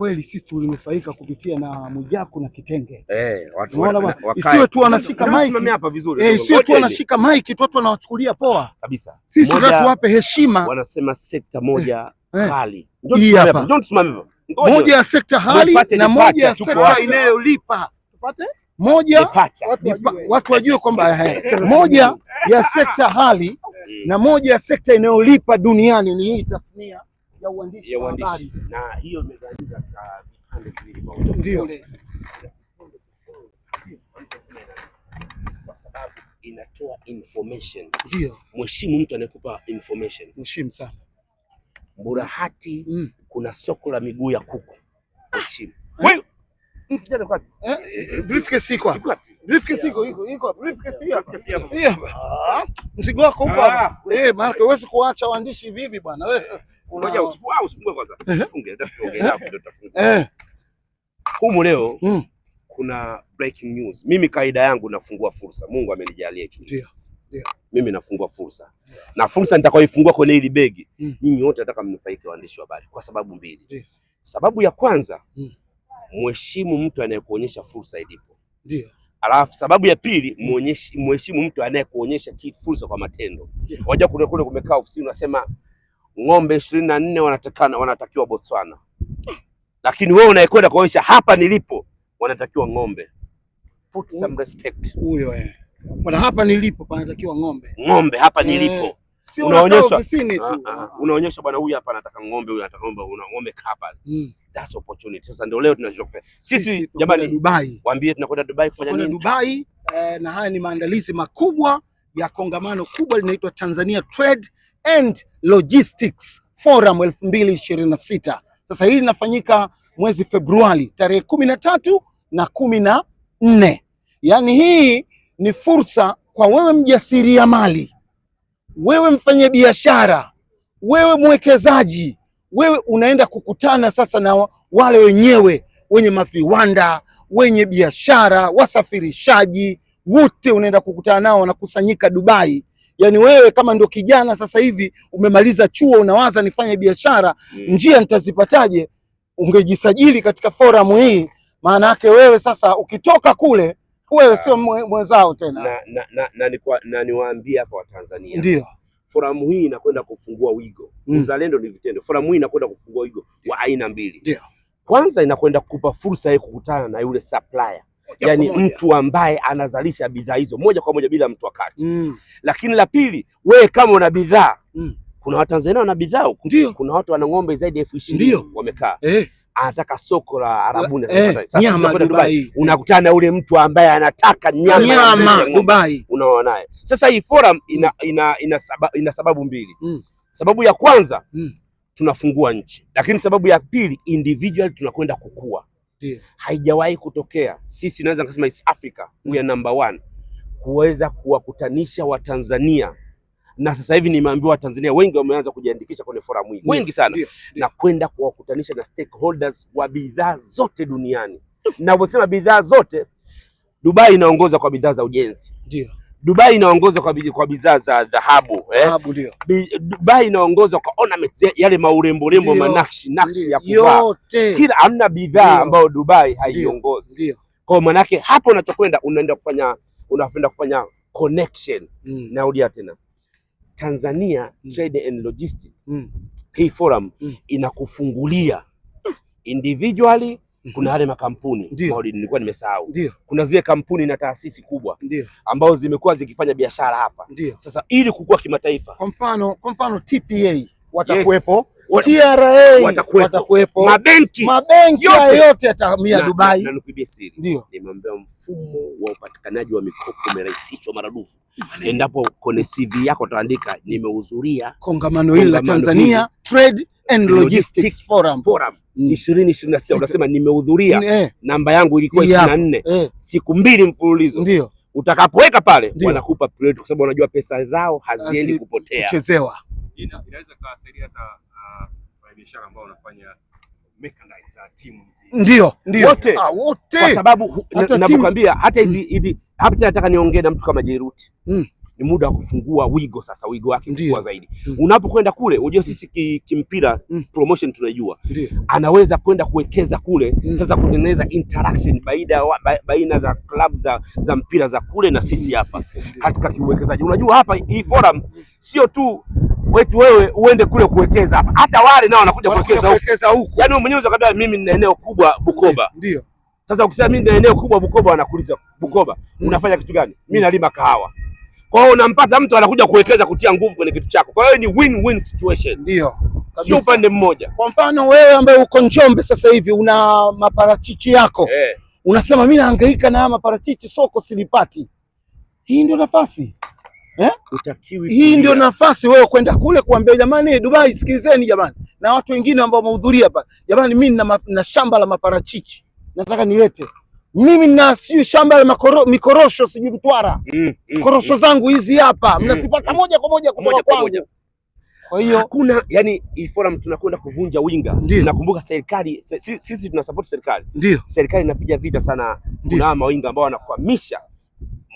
kweli sisi tulinufaika kupitia na Mwijaku na Kitenge eh, watu wana, isiwe tu mike eh, isiwe tu mike tu watu wanawachukulia poa kabisa. Sisi tunataka tuwape heshima, wanasema sekta moja eh, eh. hali moja ya sekta hali na moja ya sekta inayolipa tupate moja watu wajue kwamba moja ya sekta hali mm. na moja ya sekta inayolipa duniani ni hii tasnia ya uandishi wa habari, na hiyo imegawanyika katika vipande viwili, ndio kwa sababu inatoa information. Ndio mheshimu mtu anayekupa information, mheshimu sana. Burahati mm. kuna soko la miguu ya kuku, mheshimu ah. wewe mzigo wako huko, ah. eh, maana huwezi kuacha waandishi hivi hivi bwana wewe. Ah, Ngoja kwanza. Funge hapo ndio Eh. Humu leo mm. kuna breaking news. Mimi kaida yangu nafungua fursa. Mungu amenijalia hicho. Ndio. Mimi nafungua fursa. Yeah. Na fursa nitakayoifungua kwenye hili begi, mm. nyinyi wote nataka mnufaike waandishi wa habari kwa sababu mbili. Yeah. Sababu ya kwanza, mm. mheshimu mtu anayekuonyesha fursa ilipo. Ndio. Yeah. Alafu sababu ya pili mheshimu mtu anayekuonyesha fursa kwa matendo. Wajua, kule kule kumekaa ofisini unasema ng'ombe ishirini na nne wanatakana wanatakiwa Botswana, lakini wewe unayekwenda kuonyesha hapa nilipo wanatakiwa ng'ombe. Put some respect huyo eh, bwana, hapa nilipo panatakiwa ng'ombe, ng'ombe hapa eh, nilipo eh, unaonyesha unaonyesha bwana, huyu hapa anataka ng'ombe, huyu anataka ng'ombe, una ng'ombe hapa mm. That's opportunity. Sasa ndio leo tunachotaka kufanya sisi, jamani, Dubai, waambie tunakwenda Dubai kufanya nini? Dubai eh, na haya ni maandalizi makubwa ya kongamano kubwa linaitwa Tanzania Trade and Logistics Forum 2026. Sasa hili linafanyika mwezi Februari tarehe kumi na tatu na kumi na nne. Yaani hii ni fursa kwa wewe mjasiriamali, wewe mfanyabiashara, wewe mwekezaji, wewe unaenda kukutana sasa na wale wenyewe wenye maviwanda, wenye biashara, wasafirishaji wote unaenda kukutana nao, wanakusanyika Dubai yani wewe kama ndio kijana sasa hivi umemaliza chuo, unawaza nifanye biashara mm. njia nitazipataje? Ungejisajili katika forum hii, maana yake wewe sasa ukitoka kule wewe sio ah. mwenzao tena na, na, na, na, na, na niwaambia hapa Watanzania, ndio forum hii inakwenda kufungua wigo mm. uzalendo ni vitendo. Forum hii inakwenda kufungua wigo wa aina mbili, ndio kwanza inakwenda kukupa fursa ya kukutana na yule supplier yani mtu ambaye anazalisha bidhaa hizo moja kwa moja bila mtu wa kati mm. Lakini la pili, wewe kama una bidhaa mm. kuna Watanzania wana bidhaa huko, kuna watu wana ng'ombe zaidi ya elfu ishirini wamekaa eh. Anataka soko la Arabuni eh, nyama Dubai, unakutana na ule mtu ambaye anataka nyama, nyama Dubai, unaona naye. Sasa hii forum ina, ina, ina, sababu, ina sababu mbili mm. Sababu ya kwanza mm. tunafungua nchi, lakini sababu ya pili individual tunakwenda kukua Diyo. Haijawahi kutokea. Sisi naweza nikasema East Africa we are number one kuweza kuwakutanisha Watanzania na sasa hivi nimeambiwa Watanzania wengi wameanza kujiandikisha kwenye forum hii wengi sana yeah, yeah, na kwenda kuwakutanisha na stakeholders wa bidhaa zote duniani. Ninavyosema bidhaa zote, Dubai inaongoza kwa bidhaa za ujenzi Yeah. Dubai inaongozwa kwa, bidhaa za dhahabu eh? Dubai inaongozwa kwa ornaments yale maurembo rembo manakshi nakshi ya kuvaa kila, hamna bidhaa ambayo Dubai haiongozi. Kwa manake hapo unachokwenda unaenda kufanya unafenda kufanya connection mm. Naudia tena Tanzania mm. Trade and Logistics mm. hii forum mm. inakufungulia individually kuna mhm. yale makampuni Maulid, nilikuwa nimesahau, kuna zile kampuni na taasisi kubwa ambazo zimekuwa zikifanya biashara hapa. Sasa ili kukua kimataifa, kwa mfano kwa mfano TPA watakuwepo, TRA watakuwepo, mabenki mabenki yote yatahamia Dubai. Na nikuibie siri, ndio nimeambia mfumo wa upatikanaji wa mikopo umerahisishwa maradufu, endapo kwenye CV yako utaandika nimehudhuria kongamano hili la Tanzania Trade and Logistics Forum mm. ishirini ishirini na unasema nimehudhuria, namba yangu ilikuwa ishirini na nne eh. siku mbili mfululizo, ndio utakapoweka pale wanakupa priority, kwa sababu wanajua pesa zao haziendi kupotea, kuchezewa. Inaweza kusaidia hata biashara ambayo unafanya ndio ndio wote ah, wote, kwa sababu nakwambia hata mm. hizi hapa, nataka niongee na mtu kama Jeruti mm ni muda wa kufungua wigo sasa, wigo wake mkubwa zaidi. mm. Unapokwenda kule, unajua sisi ki, kimpira mm. promotion tunajua, Ndiyo. anaweza kwenda kuwekeza kule mm. sasa, kutengeneza interaction baina baina za club za, za mpira za kule na sisi mm, hapa katika kiuwekezaji. Unajua hapa hii forum mm. sio tu wetu wewe uende kule kuwekeza hapa, hata wale nao wanakuja kuwekeza huko. Yani mwenyewe unaweza mimi nina eneo kubwa Bukoba, Ndiyo. sasa ukisema mimi nina eneo kubwa Bukoba, wanakuuliza Bukoba unafanya kitu gani? Mimi nalima kahawa kwa hiyo unampata mtu anakuja kuwekeza kutia nguvu kwenye kitu chako, kwa hiyo ni win-win situation. Ndio. Sio upande mmoja. Kwa mfano wewe ambaye uko Njombe sasa hivi una maparachichi yako eh, unasema mimi nahangaika na haya maparachichi, soko silipati. Hii ndio nafasi eh? Utakiwi hii ndio nafasi wewe kwenda kule kuambia jamani, Dubai sikilizeni jamani, na watu wengine ambao wamehudhuria hapa, jamani, mimi na, na shamba la maparachichi nataka nilete mimi na sijui shamba la mikorosho sijui Mtwara mm, mm, korosho mm, zangu hizi hapa mm, mnazipata mm, moja kwa moja kutoka kwangu. Kwa hiyo hakuna yani, iforum tunakwenda kuvunja winga. Nakumbuka serikali sisi tuna support serikali, ndio serikali inapiga vita sana. Kuna mawinga ambao wanakwamisha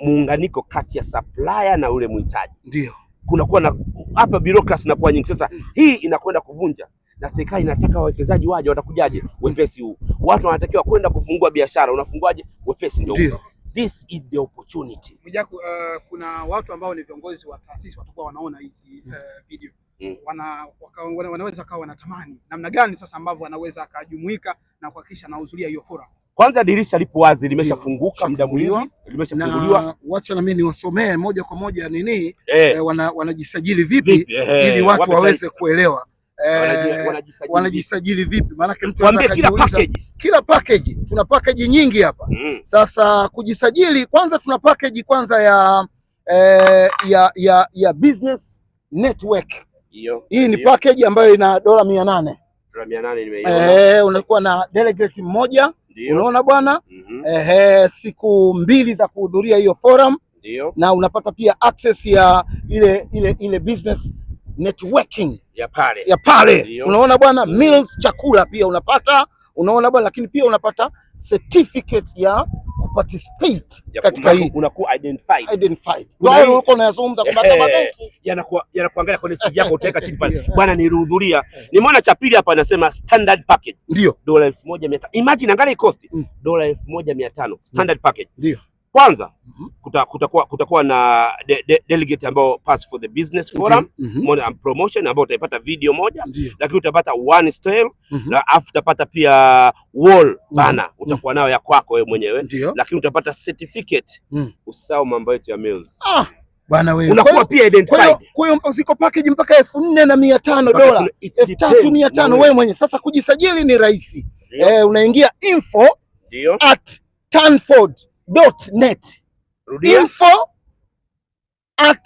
muunganiko kati ya supplier na ule mhitaji, ndio kunakuwa na hapa bureaucracy inakuwa nyingi. Sasa mm. hii inakwenda kuvunja na serikali inataka wawekezaji waje, watakujaje? Wepesi huu watu wanatakiwa kwenda kufungua biashara, unafunguaje? Wepesi ndio huo. This is the opportunity. Mwijaku, uh, kuna watu ambao ni viongozi wa taasisi watakuwa wanaona hizi uh, mm. video mm. Wana, waka, wana, wanaweza kawa wanatamani namna gani sasa ambavyo anaweza akajumuika na kuhakikisha anahudhuria hiyo fora. Kwanza dirisha lipo wazi, limeshafunguka muda mliwa, limeshafunguliwa. Wacha na mimi niwasomee moja kwa moja nini eh, eh, wanajisajili wana vipi, vipi eh, ili watu waweze kuelewa eh, wanajisajili vipi? Maanake mtu anaweza kila package, kila package tuna package nyingi hapa mm. Sasa kujisajili kwanza, tuna package kwanza ya eh, ya, ya ya business network iyo. Hii ni package ambayo ina dola mia nane Eh, unakuwa na delegate mmoja unaona bwana mm -hmm. Eh, siku mbili za kuhudhuria hiyo forum Dio. Na unapata pia access ya ile ile ile business networking ya pale ya pale, unaona bwana, mm. meals chakula pia unapata, unaona bwana, lakini pia unapata certificate ya participate ya katika hii, unakuwa identified identified. Wao walikuwa wanazungumza kwa sababu mabenki yanakuwa yanakuangalia kwenye CV yako, utaweka chini pale, bwana, nilihudhuria. Nimeona cha pili hapa, anasema standard package ndio dola 1500. Imagine angalia cost mm. dola 1500 standard package ndio kwanza mm -hmm. kutakuwa kuta kutakuwa na de, de, delegate ambao pass for the business mhm, forum mm -hmm. Um, and promotion ambao utapata video moja mm -hmm. lakini utapata one style mm -hmm. na afu utapata pia wall bana mm -hmm. utakuwa mhm. nayo ya kwako wewe mwenyewe, lakini utapata certificate mm. -hmm. usao mambo yetu ya meals ah. Bwana wewe. Unakuwa pia identified. Kwa hiyo ziko package mpaka elfu na mia dola 3500 wewe mwenyewe. Sasa kujisajili ni rahisi eh, unaingia info Ndio. at Tanford dot net. Rudia. Info at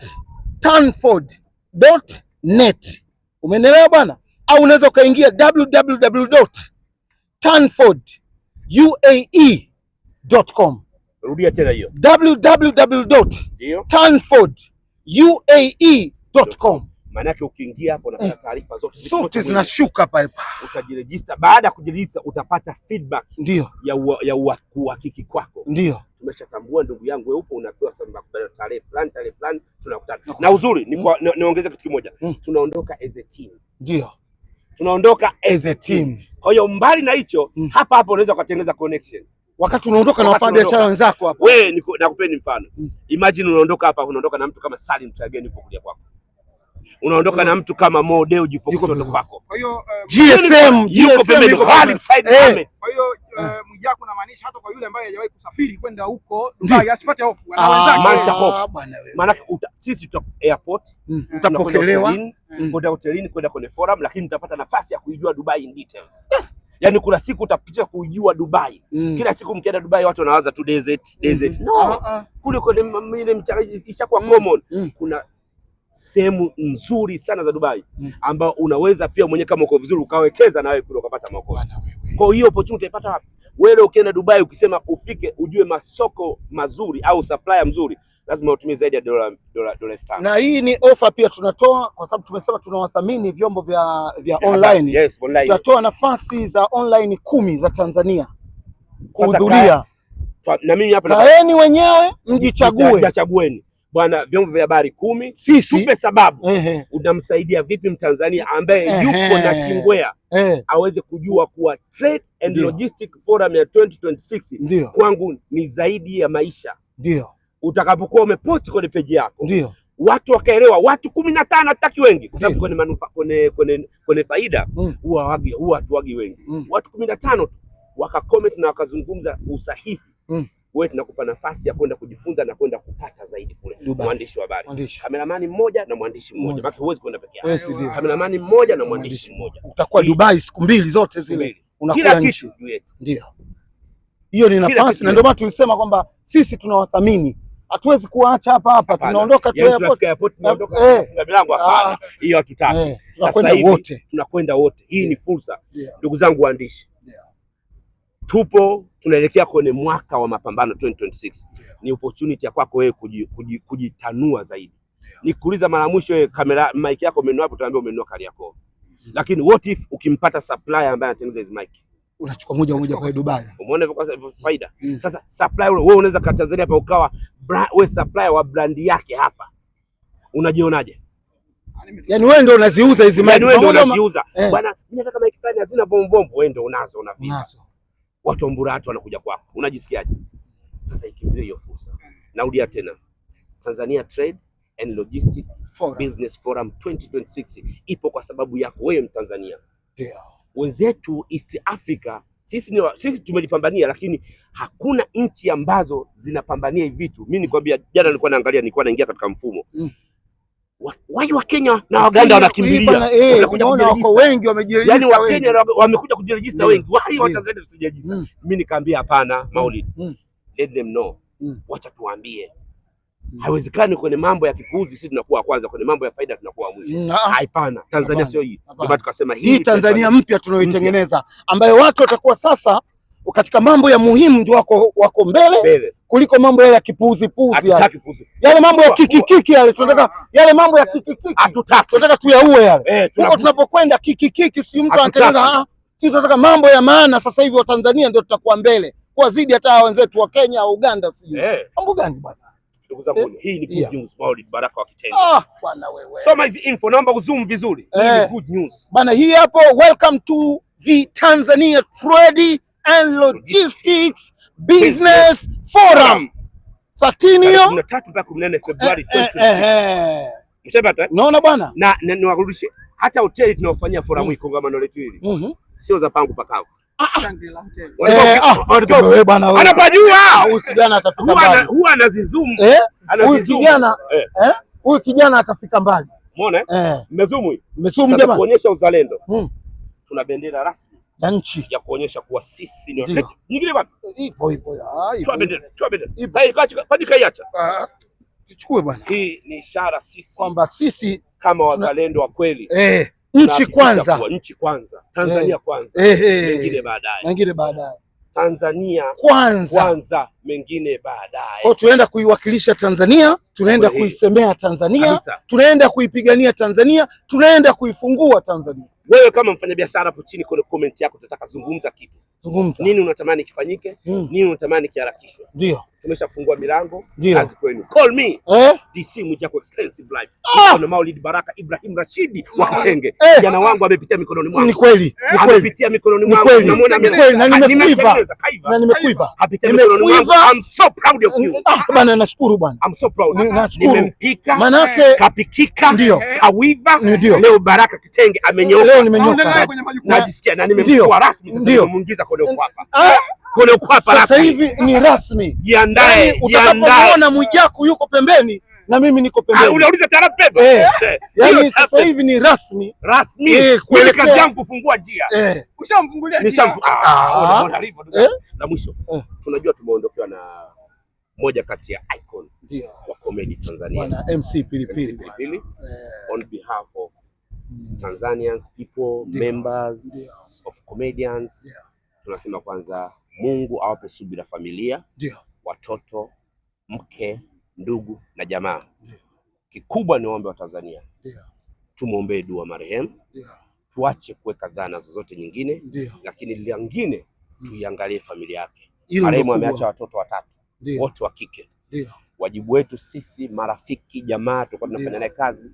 Tanford dot net. Umenelewa bwana? Au unaweza ukaingia www dot Tanford UAE dot com. Rudia tena hiyo www dot Tanford UAE dot com. Maana yake ukiingia hapo unapata eh. taarifa zote, zote zinashuka pale pale. Utajirejista, baada ya kujirejista utapata feedback ndio ya ya uhakiki kwako. Ndio tumeshatambua ndugu yangu, wewe upo unapewa sababu kwa tarehe fulani tarehe fulani, tunakutana Okay. Na uzuri niongeze mm. niongeze kitu kimoja mm. tunaondoka as a team. Ndio tunaondoka as a team. Mm. Kwa hiyo mbali na hicho mm. hapa hapa unaweza kutengeneza connection wakati unaondoka na wafanya biashara wenzako hapo. Wewe nakupeni mfano mm. imagine unaondoka hapa unaondoka na mtu kama Salim Trageni yupo kulia kwako unaondoka na mtu kama Mo Dewji yupo kushoto kwako. Kwa hiyo eh, GSM yuko pembeni Khalid Said eh. Mohamed. Kwa hiyo eh, Mwijaku anamaanisha hata kwa yule ambaye hajawahi kusafiri kwenda huko Dubai asipate hofu, na ah, wenzake hofu ah, bwana wewe. Maana sisi tuta airport, mm. utapokelewa mm. kwenda hotelini, kwenda kwenye forum, lakini mtapata nafasi ya kuijua Dubai in details. Yaani kuna siku utapitia kuijua Dubai. Mm. Kila siku mkienda Dubai watu wanawaza tu desert, desert. Mm. No. Uh -uh. Kule kwenye ile mchakaji ishakuwa mm. common. Mm. Kuna sehemu nzuri sana za Dubai mm. ambao unaweza pia mwenyewe kama uko vizuri ukawekeza na wewe kule ukapata maokoa. Kwa hiyo opportunity utaipata wapi? Wewe ukienda Dubai ukisema ufike ujue masoko mazuri au supplier mzuri lazima utumie zaidi ya dola dola dola elfu tano. Na hii ni ofa pia tunatoa kwa sababu tumesema tunawathamini vyombo vya vya online. Yes, online. Tutatoa nafasi za online kumi za Tanzania kuhudhuria. Na mimi hapa kaeni wenyewe mjichague. Mjichagueni bwana vyombo vya habari kumi, sisi tupe sababu ehe. utamsaidia vipi Mtanzania ambaye ehe, yuko na chingwea ehe, aweze kujua kuwa Trade and Logistic Forum ya 2026 Ndiyo. kwangu ni zaidi ya maisha. Ndio utakapokuwa umeposti kwenye peji yako ndio watu wakaelewa, watu kumi na tano hatutaki wengi, kwa sababu kwenye manufaa kwenye kwenye kwenye faida huwa mm. huwa hatuwagi wengi mm. watu kumi na tano tu wakakomenti na wakazungumza usahihi mm wewe tunakupa nafasi ya kwenda kujifunza na kwenda kupata zaidi kule. Mwandishi wa habari, kameramani mmoja na mwandishi mmoja, maana huwezi kwenda peke yako. Kameramani mmoja na mwandishi mmoja, utakuwa Dubai siku mbili zote zile, unakula nchi juu yetu. Ndio hiyo ni nafasi, na ndio maana tulisema kwamba sisi tunawathamini hatuwezi kuacha hapa hapa, tunaondoka tu yaani airport tunaondoka eh. na milango hapa. Ah. hiyo hatutaki. Eh. Sasa hivi tunakwenda wote, hii ni fursa, ndugu zangu waandishi tupo tunaelekea kwenye mwaka wa mapambano 2026. Yeah. Ni opportunity ya kwako wewe kujitanua kuji, kuji zaidi. Yeah. Nikuuliza mara mwisho wewe eh, kamera mic yako umenunua hapo, tunaambia umenunua kali yako. Mm. -hmm. Lakini what if ukimpata supplier ambaye anatengeneza hizo mic? Unachukua moja moja kwa Dubai. Umeona hivyo kwa faida. Mm. -hmm. Sasa supplier wewe unaweza ka Tanzania hapa ukawa wewe supplier wa brand yake hapa. Unajionaje? Yaani wewe ndio unaziuza hizi mic. Yaani wewe ndio unaziuza. Eh. Bwana, mimi nataka mic fulani hazina bombombo, wewe ndio unazo una Unazo watomburato wanakuja kwako, unajisikiaje? Sasa ikimbie hiyo fursa. Narudia tena, Tanzania Trade and Logistic Forum. Business Forum 2026 ipo kwa sababu yako wewe Mtanzania, yeah. Wenzetu East Africa sisi, ni, sisi tumelipambania, lakini hakuna nchi ambazo zinapambania hivi vitu. Mimi nikwambia, jana nilikuwa naangalia, nilikuwa naingia katika mfumo mm wai wa Kenya na Waganda wanakimbilia, eh, wako wengi wamejirejista, yani wa Kenya wamekuja kujirejista mm. wengi, wai wa Tanzania mm. tusijirejista. Mm. Mimi nikaambia hapana, Maulid, let them know, wacha tuwaambie haiwezekani kwenye mambo ya kipuuzi, sisi tunakuwa kwanza, kwenye mambo ya faida tunakuwa mwisho. Hapana, Tanzania sio hii. Ndio tukasema hii Tanzania mpya tunayoitengeneza ambayo watu watakuwa sasa katika mambo ya muhimu ndio wako, wako mbele, mbele kuliko mambo yale ya kipuuzi puuzi yale. Yale mambo ya kiki kiki yale tunataka ah. yale mambo ya kiki kiki. hatutaki, tunataka tuyaue yale eh, huko tunapokwenda kiki kiki si mtu anatengeneza. Sisi ah, tunataka mambo ya maana sasa hivi, wa Tanzania ndio tutakuwa mbele kwa zidi hata wenzetu wa Kenya au Uganda, sijui eh. mambo gani bwana. Ndugu zangu, eh? hii ni good news Maulid Baraka wa Kitenge. Ah, bwana wewe. Soma hizi info, naomba kuzoom vizuri. Hii ni good news. Bwana hii hapo, welcome to the Tanzania Trade and Logistics Business Forum Fatinio Februari eh, eh, eh, Naona bwana, na niwarudishe hata hoteli tunaofanyia forum mm. hii kongamano letu hili mhm. sio za pangu pakavu. Huwa anazizumu huyu kijana atafika mbali. Umeona? Mmezumu hii. Mmezumu jamani. Kuonyesha uzalendo. Hmm. Tuna bendera rasmi ya nchi ya kuonyesha kuwa sisi ni nyingine bwana. Ipo ipo. Ah, kwani kaiacha? Ah, tuchukue bwana. Hii ni ishara sisi kwamba sisi kama wazalendo wa kweli eh, nchi kwanza, nchi kwanza, Tanzania eh, kwanza eh, eh, mengine baadaye, mengine baadaye, Tanzania kwanza, kwanza mengine baadaye. Kwa tunaenda kuiwakilisha Tanzania, tunaenda kuisemea Tanzania, tunaenda kuipigania Tanzania, tunaenda kuifungua Tanzania. Wewe kama mfanyabiashara hapo chini kwenye comment yako tunataka zungumza kitu. Zungumza. Nini unatamani kifanyike? Mm. Nini unatamani kiharakishwe? Ndio. Tumeshafungua milango kazi kwenu. Call me. Eh? DC Mwijaku Expensive Life. Ah! Na Maulid Baraka Ibrahim Rashidi wa ah! Kitenge. Eh! Jana wangu amepitia mikononi mwangu. Ni kweli. Eh? Amepitia mikononi mwangu. Unamwona mimi kweli na nimekuiva. Na nimekuiva. Amepitia mikononi mwangu. I'm so proud of you. Ah, bana nashukuru bwana. I'm so proud. Nimempika. Manake kapikika. Ndio. Kawiva. Leo Baraka Kitenge amenyoka leo nimenyoka. Najisikia na nimemchukua rasmi sasa nimemuingiza Kodoko kule Kodoko hapa sasa hivi ni rasmi. Jiandae, yaani utakapoona Mwijaku yuko pembeni na mimi niko ah, pembeni. Unauliza Taarab Pemba. Eh. Eh. Yaani sasa hivi ni rasmi. Rasmi. Eh, Ile kazi yangu kufungua njia. Ushamfungulia njia. Ah, ah. Unaona hivyo na mwisho. Tunajua tumeondokewa na moja kati ya icon wa comedy Tanzania. Bwana MC Pilipili. On behalf of Tanzanians people Dio. members Dio. of comedians Dio. Tunasema kwanza Mungu awape subira familia Dio. watoto, mke, ndugu na jamaa. Kikubwa ni waombe wa Tanzania tumwombee dua marehemu tuache kuweka dhana zozote nyingine Dio. lakini lingine mm. tuiangalie familia yake. Marehemu ameacha watoto watatu wote wa kike. wajibu wetu sisi marafiki, jamaa tulikuwa tunafanya naye kazi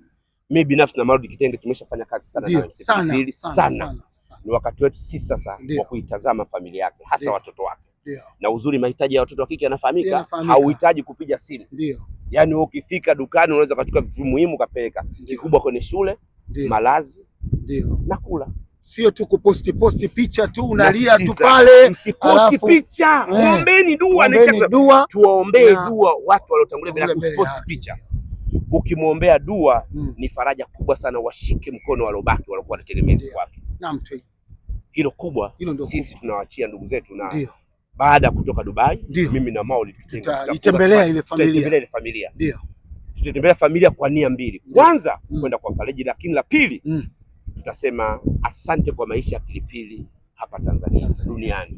mi binafsi na Marudi Kitenge tumeshafanya kazi sana Dio, sana, sana, sana. sana. Ni wakati wetu sisi sasa wa kuitazama familia yake hasa watoto wake na uzuri mahitaji ya watoto wa kike yanafahamika, hauhitaji kupiga simu Dio. Yani ukifika dukani unaweza kuchukua vitu muhimu ukapeleka kikubwa kwenye shule Dio. malazi Dio. na kula Sio tu kuposti posti picha tu unalia tu pale, msiposti picha, eh. ombeni dua, tuwaombee dua watu waliotangulia bila kuposti picha ukimwombea dua mm. ni faraja kubwa sana, washike mkono waliobaki walokuwa wanategemezi kwake. Naam, hilo kubwa hilo sisi tunawaachia ndugu zetu, na baada ya kutoka Dubai Dio. mimi na Mauli tutaitembelea ile familia Dio. tutatembelea familia kwa nia mbili, kwanza mm. kwenda kwa fariji, lakini la pili mm. tutasema asante kwa maisha ya Pilipili hapa Tanzania, duniani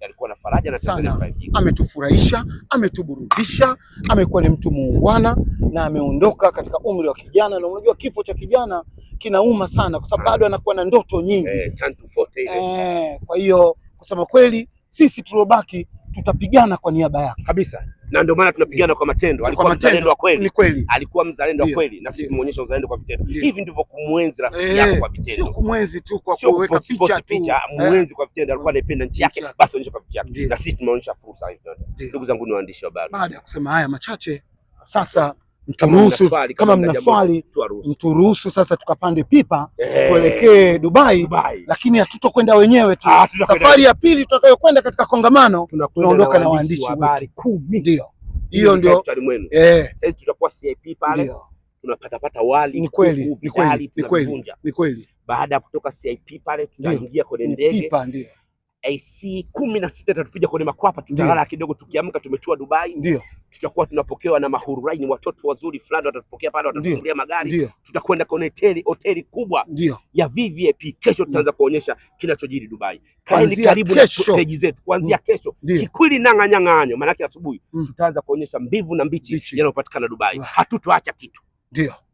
alikuwa na faraja na Tanzania ametufurahisha, ametuburudisha, amekuwa ni mtu muungwana na ameondoka katika umri wa kijana, na unajua kifo cha kijana kinauma sana, kwa sababu bado anakuwa na ndoto nyingi eh, eh kwa hiyo kusema kweli sisi tuliobaki tutapigana kwa niaba yako kabisa, na ndio maana tunapigana kwa matendo. Alikuwa mzalendo wa kweli kweli, alikuwa mzalendo wa kweli, na sisi tumeonyesha uzalendo kwa vitendo. Hivi ndivyo kumwenzi rafiki eh, yako kwa vitendo, sio kumwenzi tu kwa kuweka picha tu, mwenzi eh. kwa vitendo. Alikuwa anaipenda nchi yake, basi onyesha kwa picha yake, na sisi tumeonyesha fursa hiyo. Ndugu zangu ni waandishi wa habari, baada ya kusema haya machache sasa mturuhusu kama mna swali mturuhusu sasa tukapande pipa hey, tuelekee Dubai, Dubai, lakini hatutokwenda wenyewe tu. Ah, safari ya pili tutakayokwenda katika kongamano tunaondoka na waandishi wa habari kumi. Ndio hiyo ndio eh. sasa tutakuwa CIP pale tunapata pata wali, ni kweli, ni kweli, ni kweli. ni kweli. Baada ya kutoka CIP pale tunaingia kwenye ndege pipa, ndio AC eh, kumi na sita tutakuja kwenye Makwapa, tutalala kidogo, tukiamka tumetua Dubai, ndio tutakuwa tunapokewa na mahururaini, watoto wazuri fulani watatupokea pale, watatufungulia magari, tutakwenda kwenye hoteli hoteli kubwa Ndiyo. ya VVIP. Kesho tutaanza kuonyesha kinachojiri Dubai. Kaeni karibu na peji zetu kuanzia mm. kesho chikwili anyo, maanake asubuhi mm. tutaanza kuonyesha mbivu na mbichi yanayopatikana Dubai. Hatutoacha kitu. Ndiyo.